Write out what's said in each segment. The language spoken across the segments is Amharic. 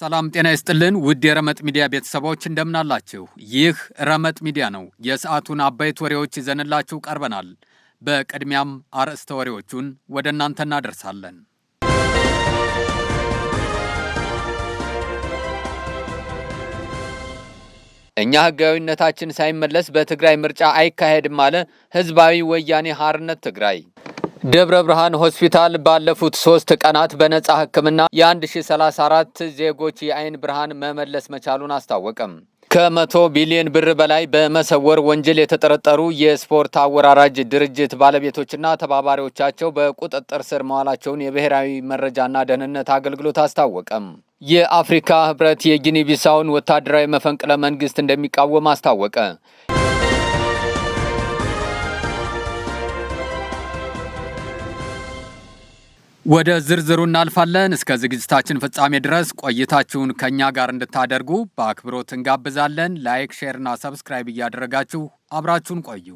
ሰላም ጤና ይስጥልን ውድ የረመጥ ሚዲያ ቤተሰቦች እንደምናላችሁ። ይህ ረመጥ ሚዲያ ነው። የሰዓቱን አበይት ወሬዎች ይዘንላችሁ ቀርበናል። በቅድሚያም አርዕስተ ወሬዎቹን ወደ እናንተ እናደርሳለን። እኛ ህጋዊነታችን ሳይመለስ በትግራይ ምርጫ አይካሄድም አለ ህዝባዊ ወያኔ ሀርነት ትግራይ ደብረ ብርሃን ሆስፒታል ባለፉት ሶስት ቀናት በነፃ ህክምና የ1034 ዜጎች የአይን ብርሃን መመለስ መቻሉን አስታወቀም። ከመቶ ቢሊዮን ብር በላይ በመሰወር ወንጀል የተጠረጠሩ የስፖርት አወራራጅ ድርጅት ባለቤቶችና ተባባሪዎቻቸው በቁጥጥር ስር መዋላቸውን የብሔራዊ መረጃና ደህንነት አገልግሎት አስታወቀም። የአፍሪካ ህብረት የጊኒ ቢሳውን ወታደራዊ መፈንቅለ መንግስት እንደሚቃወም አስታወቀ። ወደ ዝርዝሩ እናልፋለን። እስከ ዝግጅታችን ፍጻሜ ድረስ ቆይታችሁን ከእኛ ጋር እንድታደርጉ በአክብሮት እንጋብዛለን። ላይክ፣ ሼርና ሰብስክራይብ እያደረጋችሁ አብራችሁን ቆዩ።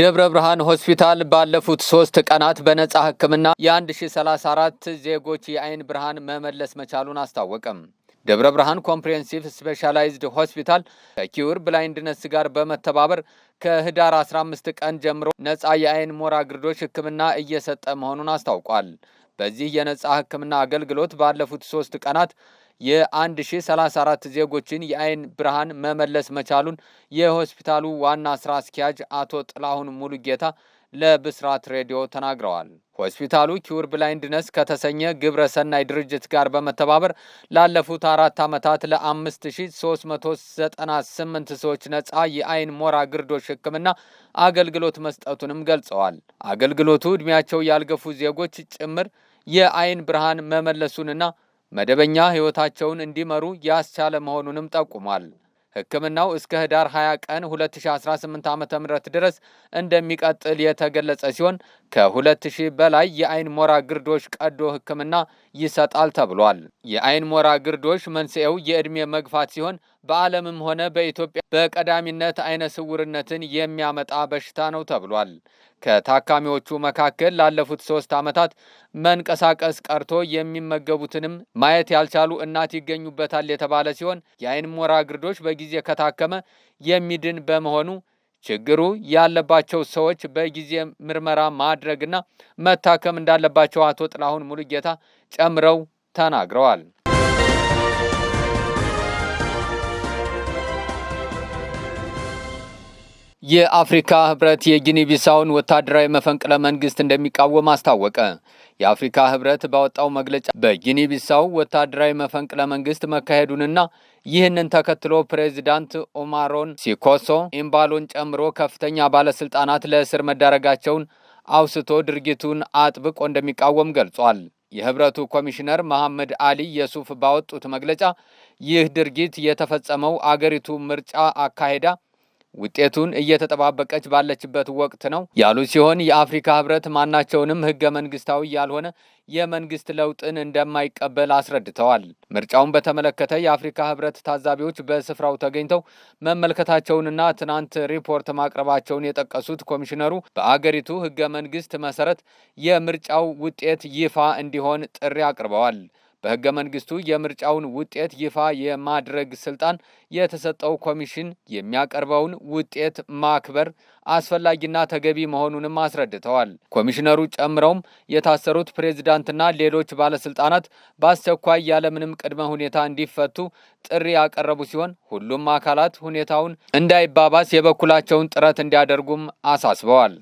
ደብረ ብርሃን ሆስፒታል ባለፉት ሶስት ቀናት በነፃ ሕክምና የ1034 ዜጎች የአይን ብርሃን መመለስ መቻሉን አስታወቀም። ደብረ ብርሃን ኮምፕሬሄንሲቭ ስፔሻላይዝድ ሆስፒታል ከኪውር ብላይንድነስ ጋር በመተባበር ከህዳር 15 ቀን ጀምሮ ነፃ የአይን ሞራ ግርዶች ህክምና እየሰጠ መሆኑን አስታውቋል። በዚህ የነፃ ሕክምና አገልግሎት ባለፉት ሶስት ቀናት የ1034 ዜጎችን የአይን ብርሃን መመለስ መቻሉን የሆስፒታሉ ዋና ስራ አስኪያጅ አቶ ጥላሁን ሙሉጌታ ለብስራት ሬዲዮ ተናግረዋል። ሆስፒታሉ ኪውር ብላይንድነስ ከተሰኘ ግብረ ሰናይ ድርጅት ጋር በመተባበር ላለፉት አራት ዓመታት ለ5398 ሰዎች ነፃ የአይን ሞራ ግርዶሽ ሕክምና አገልግሎት መስጠቱንም ገልጸዋል። አገልግሎቱ ዕድሜያቸው ያልገፉ ዜጎች ጭምር የአይን ብርሃን መመለሱንና መደበኛ ሕይወታቸውን እንዲመሩ ያስቻለ መሆኑንም ጠቁሟል። ሕክምናው እስከ ህዳር 20 ቀን 2018 ዓ.ም ድረስ እንደሚቀጥል የተገለጸ ሲሆን ከ2000 በላይ የአይን ሞራ ግርዶሽ ቀዶ ሕክምና ይሰጣል ተብሏል። የአይን ሞራ ግርዶሽ መንስኤው የዕድሜ መግፋት ሲሆን በዓለምም ሆነ በኢትዮጵያ በቀዳሚነት አይነ ስውርነትን የሚያመጣ በሽታ ነው ተብሏል። ከታካሚዎቹ መካከል ላለፉት ሶስት ዓመታት መንቀሳቀስ ቀርቶ የሚመገቡትንም ማየት ያልቻሉ እናት ይገኙበታል የተባለ ሲሆን የአይን ሞራ ግርዶሽ በጊዜ ጊዜ ከታከመ የሚድን በመሆኑ ችግሩ ያለባቸው ሰዎች በጊዜ ምርመራ ማድረግና መታከም እንዳለባቸው አቶ ጥላሁን ሙሉጌታ ጨምረው ተናግረዋል። የአፍሪካ ህብረት የጊኒ ቢሳውን ወታደራዊ መፈንቅለ መንግስት እንደሚቃወም አስታወቀ። የአፍሪካ ህብረት ባወጣው መግለጫ በጊኒ ቢሳው ወታደራዊ መፈንቅለ መንግስት መካሄዱንና ይህንን ተከትሎ ፕሬዚዳንት ኦማሮን ሲኮሶ ኢምባሎን ጨምሮ ከፍተኛ ባለስልጣናት ለእስር መዳረጋቸውን አውስቶ ድርጊቱን አጥብቆ እንደሚቃወም ገልጿል። የህብረቱ ኮሚሽነር መሐመድ አሊ የሱፍ ባወጡት መግለጫ ይህ ድርጊት የተፈጸመው አገሪቱ ምርጫ አካሄዳ ውጤቱን እየተጠባበቀች ባለችበት ወቅት ነው ያሉ ሲሆን የአፍሪካ ህብረት ማናቸውንም ህገ መንግስታዊ ያልሆነ የመንግስት ለውጥን እንደማይቀበል አስረድተዋል። ምርጫውን በተመለከተ የአፍሪካ ህብረት ታዛቢዎች በስፍራው ተገኝተው መመልከታቸውንና ትናንት ሪፖርት ማቅረባቸውን የጠቀሱት ኮሚሽነሩ በአገሪቱ ህገ መንግስት መሰረት የምርጫው ውጤት ይፋ እንዲሆን ጥሪ አቅርበዋል። በህገ መንግስቱ የምርጫውን ውጤት ይፋ የማድረግ ስልጣን የተሰጠው ኮሚሽን የሚያቀርበውን ውጤት ማክበር አስፈላጊና ተገቢ መሆኑንም አስረድተዋል። ኮሚሽነሩ ጨምረውም የታሰሩት ፕሬዝዳንትና ሌሎች ባለስልጣናት በአስቸኳይ ያለምንም ቅድመ ሁኔታ እንዲፈቱ ጥሪ ያቀረቡ ሲሆን ሁሉም አካላት ሁኔታውን እንዳይባባስ የበኩላቸውን ጥረት እንዲያደርጉም አሳስበዋል።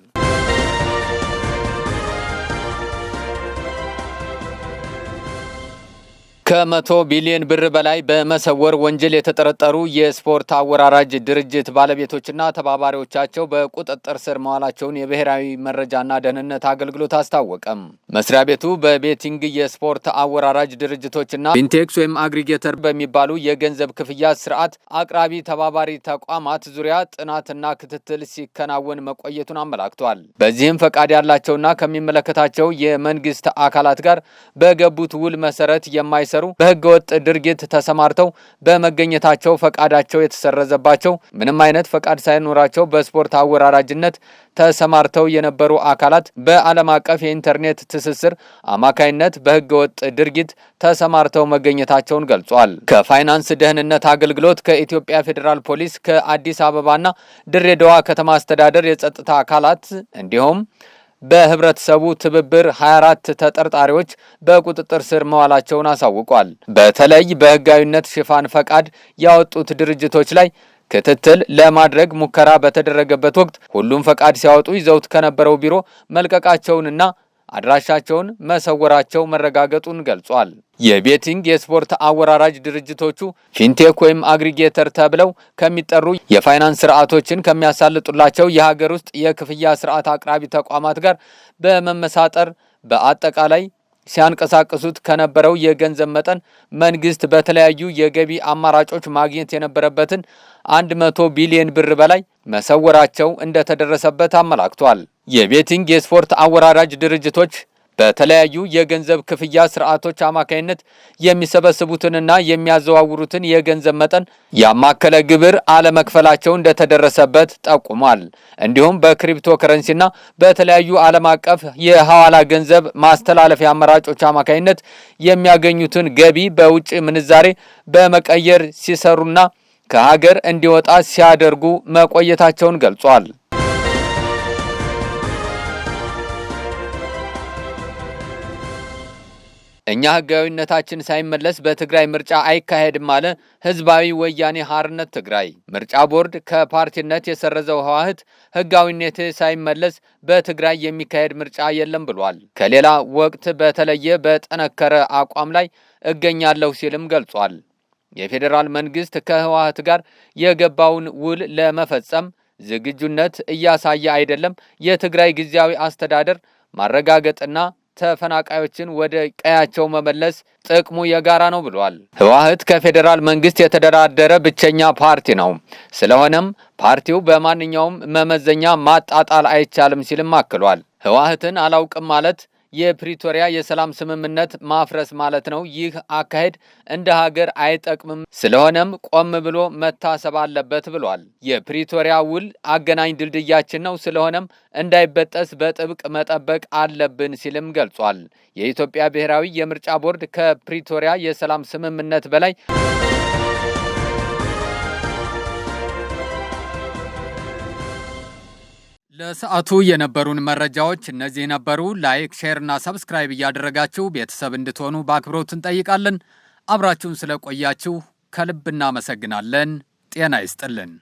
ከመቶ ቢሊዮን ብር በላይ በመሰወር ወንጀል የተጠረጠሩ የስፖርት አወራራጅ ድርጅት ባለቤቶችና ተባባሪዎቻቸው በቁጥጥር ስር መዋላቸውን የብሔራዊ መረጃና ደህንነት አገልግሎት አስታወቀም። መስሪያ ቤቱ በቤቲንግ የስፖርት አወራራጅ ድርጅቶችና ፊንቴክስ ወይም አግሪጌተር በሚባሉ የገንዘብ ክፍያ ስርዓት አቅራቢ ተባባሪ ተቋማት ዙሪያ ጥናትና ክትትል ሲከናወን መቆየቱን አመላክቷል። በዚህም ፈቃድ ያላቸውና ከሚመለከታቸው የመንግስት አካላት ጋር በገቡት ውል መሰረት የማይ እንዳይሰሩ በህገወጥ ድርጊት ተሰማርተው በመገኘታቸው ፈቃዳቸው የተሰረዘባቸው፣ ምንም አይነት ፈቃድ ሳይኖራቸው በስፖርት አወራራጅነት ተሰማርተው የነበሩ አካላት በዓለም አቀፍ የኢንተርኔት ትስስር አማካይነት በህገወጥ ድርጊት ተሰማርተው መገኘታቸውን ገልጿል። ከፋይናንስ ደህንነት አገልግሎት፣ ከኢትዮጵያ ፌዴራል ፖሊስ፣ ከአዲስ አበባና ድሬዳዋ ከተማ አስተዳደር የጸጥታ አካላት እንዲሁም በህብረተሰቡ ትብብር 24 ተጠርጣሪዎች በቁጥጥር ስር መዋላቸውን አሳውቋል። በተለይ በህጋዊነት ሽፋን ፈቃድ ያወጡት ድርጅቶች ላይ ክትትል ለማድረግ ሙከራ በተደረገበት ወቅት ሁሉም ፈቃድ ሲያወጡ ይዘውት ከነበረው ቢሮ መልቀቃቸውንና አድራሻቸውን መሰወራቸው መረጋገጡን ገልጿል። የቤቲንግ የስፖርት አወራራጅ ድርጅቶቹ ፊንቴክ ወይም አግሪጌተር ተብለው ከሚጠሩ የፋይናንስ ስርዓቶችን ከሚያሳልጡላቸው የሀገር ውስጥ የክፍያ ስርዓት አቅራቢ ተቋማት ጋር በመመሳጠር በአጠቃላይ ሲያንቀሳቅሱት ከነበረው የገንዘብ መጠን መንግስት በተለያዩ የገቢ አማራጮች ማግኘት የነበረበትን 100 መቶ ቢሊዮን ብር በላይ መሰወራቸው እንደተደረሰበት አመላክቷል። የቤቲንግ የስፖርት አወራራጅ ድርጅቶች በተለያዩ የገንዘብ ክፍያ ስርዓቶች አማካይነት የሚሰበስቡትንና የሚያዘዋውሩትን የገንዘብ መጠን ያማከለ ግብር አለመክፈላቸው እንደተደረሰበት ጠቁሟል። እንዲሁም በክሪፕቶ ከረንሲና በተለያዩ ዓለም አቀፍ የሐዋላ ገንዘብ ማስተላለፊያ አማራጮች አማካይነት የሚያገኙትን ገቢ በውጭ ምንዛሬ በመቀየር ሲሰሩና ከሀገር እንዲወጣ ሲያደርጉ መቆየታቸውን ገልጿል። እኛ ህጋዊነታችን ሳይመለስ በትግራይ ምርጫ አይካሄድም አለ ህዝባዊ ወያኔ ሐርነት ትግራይ። ምርጫ ቦርድ ከፓርቲነት የሰረዘው ህወሓት ህጋዊነት ሳይመለስ በትግራይ የሚካሄድ ምርጫ የለም ብሏል። ከሌላ ወቅት በተለየ በጠነከረ አቋም ላይ እገኛለሁ ሲልም ገልጿል። የፌዴራል መንግስት ከህወሓት ጋር የገባውን ውል ለመፈጸም ዝግጁነት እያሳየ አይደለም፣ የትግራይ ጊዜያዊ አስተዳደር ማረጋገጥና ተፈናቃዮችን ወደ ቀያቸው መመለስ ጥቅሙ የጋራ ነው ብሏል። ህወሓት ከፌዴራል መንግስት የተደራደረ ብቸኛ ፓርቲ ነው። ስለሆነም ፓርቲው በማንኛውም መመዘኛ ማጣጣል አይቻልም ሲልም አክሏል። ህወሓትን አላውቅም ማለት የፕሪቶሪያ የሰላም ስምምነት ማፍረስ ማለት ነው። ይህ አካሄድ እንደ ሀገር አይጠቅምም፣ ስለሆነም ቆም ብሎ መታሰብ አለበት ብሏል። የፕሪቶሪያ ውል አገናኝ ድልድያችን ነው፣ ስለሆነም እንዳይበጠስ በጥብቅ መጠበቅ አለብን ሲልም ገልጿል። የኢትዮጵያ ብሔራዊ የምርጫ ቦርድ ከፕሪቶሪያ የሰላም ስምምነት በላይ ለሰዓቱ የነበሩን መረጃዎች እነዚህ ነበሩ። ላይክ፣ ሼር እና ሰብስክራይብ እያደረጋችሁ ቤተሰብ እንድትሆኑ በአክብሮት እንጠይቃለን። አብራችሁን ስለቆያችሁ ከልብ እናመሰግናለን። ጤና ይስጥልን።